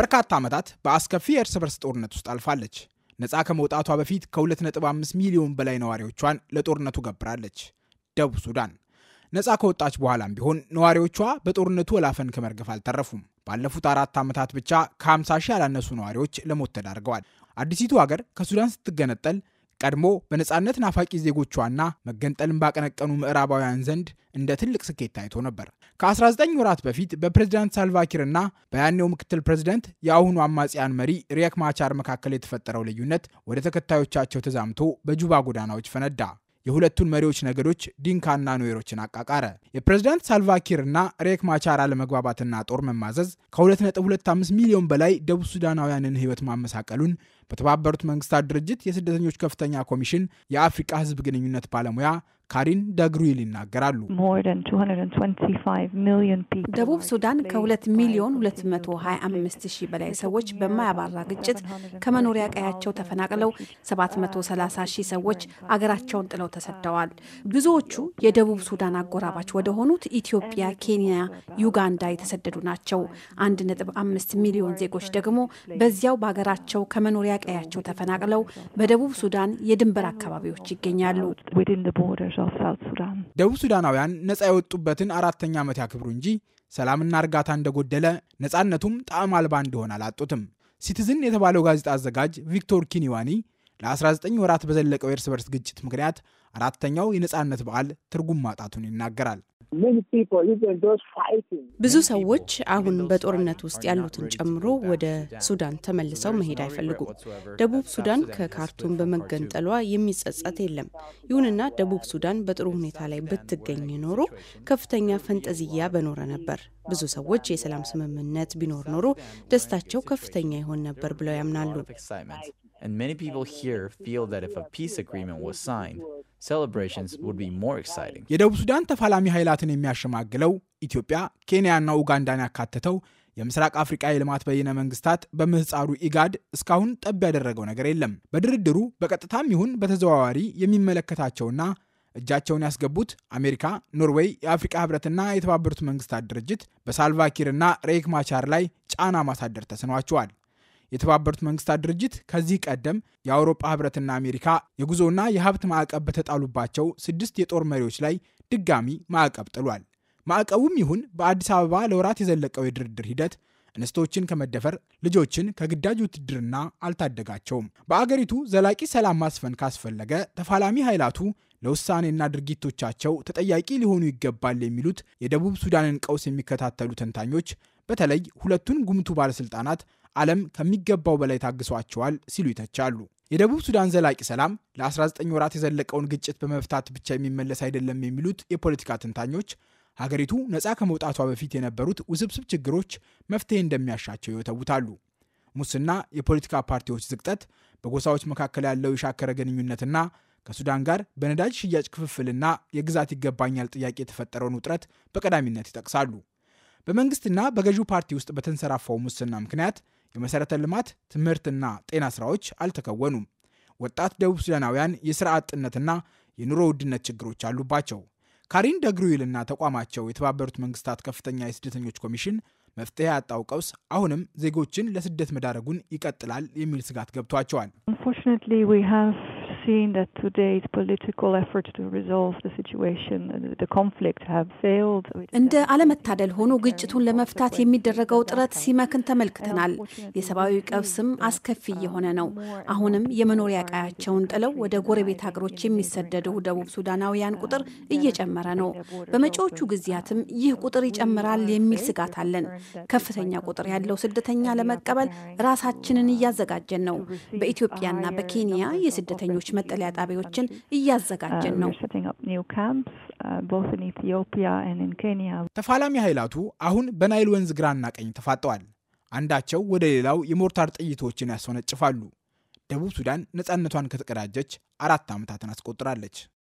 በርካታ ዓመታት በአስከፊ የእርስ በርስ ጦርነት ውስጥ አልፋለች። ነፃ ከመውጣቷ በፊት ከ2.5 ሚሊዮን በላይ ነዋሪዎቿን ለጦርነቱ ገብራለች። ደቡብ ሱዳን ነፃ ከወጣች በኋላም ቢሆን ነዋሪዎቿ በጦርነቱ ወላፈን ከመርገፍ አልተረፉም። ባለፉት አራት ዓመታት ብቻ ከ50 ሺህ ያላነሱ ነዋሪዎች ለሞት ተዳርገዋል። አዲሲቱ ሀገር ከሱዳን ስትገነጠል ቀድሞ በነፃነት ናፋቂ ዜጎቿና መገንጠልን ባቀነቀኑ ምዕራባውያን ዘንድ እንደ ትልቅ ስኬት ታይቶ ነበር። ከ19 ወራት በፊት በፕሬዚዳንት ሳልቫኪርና በያኔው ምክትል ፕሬዚደንት የአሁኑ አማጽያን መሪ ሪየክ ማቻር መካከል የተፈጠረው ልዩነት ወደ ተከታዮቻቸው ተዛምቶ በጁባ ጎዳናዎች ፈነዳ። የሁለቱን መሪዎች ነገዶች ዲንካና ኑዌሮችን አቃቃረ። የፕሬዝዳንት ሳልቫኪርና ሬክ ማቻር አለመግባባትና ጦር መማዘዝ ከ2.25 ሚሊዮን በላይ ደቡብ ሱዳናውያንን ሕይወት ማመሳቀሉን በተባበሩት መንግስታት ድርጅት የስደተኞች ከፍተኛ ኮሚሽን የአፍሪቃ ህዝብ ግንኙነት ባለሙያ ካሪን ደግሩይል ይናገራሉ። ደቡብ ሱዳን ከ2 ሚሊዮን 225 ሺህ በላይ ሰዎች በማያባራ ግጭት ከመኖሪያ ቀያቸው ተፈናቅለው 730 ሺህ ሰዎች አገራቸውን ጥለው ተሰደዋል። ብዙዎቹ የደቡብ ሱዳን አጎራባች ወደ ሆኑት ኢትዮጵያ፣ ኬንያ፣ ዩጋንዳ የተሰደዱ ናቸው። 1.5 ሚሊዮን ዜጎች ደግሞ በዚያው በሀገራቸው ከመኖሪያ ከቀያቸው ተፈናቅለው በደቡብ ሱዳን የድንበር አካባቢዎች ይገኛሉ። ደቡብ ሱዳናውያን ነፃ የወጡበትን አራተኛ ዓመት ያክብሩ እንጂ ሰላምና እርጋታ እንደጎደለ ነፃነቱም ጣዕም አልባ እንደሆነ አላጡትም። ሲቲዝን የተባለው ጋዜጣ አዘጋጅ ቪክቶር ኪኒዋኒ ለ19 ወራት በዘለቀው የእርስ በርስ ግጭት ምክንያት አራተኛው የነፃነት በዓል ትርጉም ማጣቱን ይናገራል። ብዙ ሰዎች አሁን በጦርነት ውስጥ ያሉትን ጨምሮ ወደ ሱዳን ተመልሰው መሄድ አይፈልጉም። ደቡብ ሱዳን ከካርቱም በመገንጠሏ የሚጸጸት የለም። ይሁንና ደቡብ ሱዳን በጥሩ ሁኔታ ላይ ብትገኝ ኖሮ ከፍተኛ ፈንጠዝያ በኖረ ነበር። ብዙ ሰዎች የሰላም ስምምነት ቢኖር ኖሮ ደስታቸው ከፍተኛ ይሆን ነበር ብለው ያምናሉ። and many people here feel that if a peace agreement was signed, celebrations would be more exciting. የደቡብ ሱዳን ተፋላሚ ኃይላትን የሚያሸማግለው ኢትዮጵያ፣ ኬንያና ኡጋንዳን ያካተተው የምስራቅ አፍሪቃ የልማት በይነ መንግስታት በምህፃሩ ኢጋድ እስካሁን ጠብ ያደረገው ነገር የለም። በድርድሩ በቀጥታም ይሁን በተዘዋዋሪ የሚመለከታቸውና እጃቸውን ያስገቡት አሜሪካ፣ ኖርዌይ፣ የአፍሪቃ ህብረትና የተባበሩት መንግስታት ድርጅት በሳልቫኪርና ሬክ ማቻር ላይ ጫና ማሳደር ተስኗቸዋል። የተባበሩት መንግስታት ድርጅት ከዚህ ቀደም የአውሮፓ ህብረትና አሜሪካ የጉዞና የሀብት ማዕቀብ በተጣሉባቸው ስድስት የጦር መሪዎች ላይ ድጋሚ ማዕቀብ ጥሏል። ማዕቀቡም ይሁን በአዲስ አበባ ለወራት የዘለቀው የድርድር ሂደት እንስቶችን ከመደፈር ልጆችን ከግዳጅ ውትድርና አልታደጋቸውም። በአገሪቱ ዘላቂ ሰላም ማስፈን ካስፈለገ ተፋላሚ ኃይላቱ ለውሳኔና ድርጊቶቻቸው ተጠያቂ ሊሆኑ ይገባል የሚሉት የደቡብ ሱዳንን ቀውስ የሚከታተሉ ተንታኞች በተለይ ሁለቱን ጉምቱ ባለስልጣናት ዓለም ከሚገባው በላይ ታግሷቸዋል ሲሉ ይተቻሉ። የደቡብ ሱዳን ዘላቂ ሰላም ለ19 ወራት የዘለቀውን ግጭት በመፍታት ብቻ የሚመለስ አይደለም የሚሉት የፖለቲካ ትንታኞች። ሀገሪቱ ነፃ ከመውጣቷ በፊት የነበሩት ውስብስብ ችግሮች መፍትሄ እንደሚያሻቸው ይወተውታሉ። ሙስና፣ የፖለቲካ ፓርቲዎች ዝቅጠት፣ በጎሳዎች መካከል ያለው የሻከረ ግንኙነትና ከሱዳን ጋር በነዳጅ ሽያጭ ክፍፍልና የግዛት ይገባኛል ጥያቄ የተፈጠረውን ውጥረት በቀዳሚነት ይጠቅሳሉ። በመንግስትና በገዢው ፓርቲ ውስጥ በተንሰራፋው ሙስና ምክንያት የመሰረተ ልማት፣ ትምህርትና ጤና ስራዎች አልተከወኑም። ወጣት ደቡብ ሱዳናውያን የስራ አጥነትና የኑሮ ውድነት ችግሮች አሉባቸው። ካሪን ደግሩዊልና ተቋማቸው የተባበሩት መንግስታት ከፍተኛ የስደተኞች ኮሚሽን መፍትሄ ያጣው ቀውስ አሁንም ዜጎችን ለስደት መዳረጉን ይቀጥላል የሚል ስጋት ገብቷቸዋል። seen that today's political efforts to resolve the situation, uh, the conflict have failed. እንደ አለመታደል ሆኖ ግጭቱን ለመፍታት የሚደረገው ጥረት ሲመክን ተመልክተናል። የሰብአዊ ቀውስም አስከፊ እየሆነ ነው። አሁንም የመኖሪያ ቀያቸውን ጥለው ወደ ጎረቤት ሀገሮች የሚሰደዱ ደቡብ ሱዳናውያን uh, ቁጥር እየጨመረ ነው። በመጪዎቹ ጊዜያትም ይህ ቁጥር ይጨምራል የሚል ስጋት አለን። ከፍተኛ ቁጥር ያለው ስደተኛ ለመቀበል ራሳችንን እያዘጋጀን ነው። በኢትዮጵያና በኬንያ የስደተኞች መጠለያ ጣቢያዎችን እያዘጋጀን ነው። uh, uh, ተፋላሚ ኃይላቱ አሁን በናይል ወንዝ ግራና ቀኝ ተፋጠዋል። አንዳቸው ወደ ሌላው የሞርታር ጥይቶችን ያስወነጭፋሉ። ደቡብ ሱዳን ነፃነቷን ከተቀዳጀች አራት ዓመታትን አስቆጥራለች።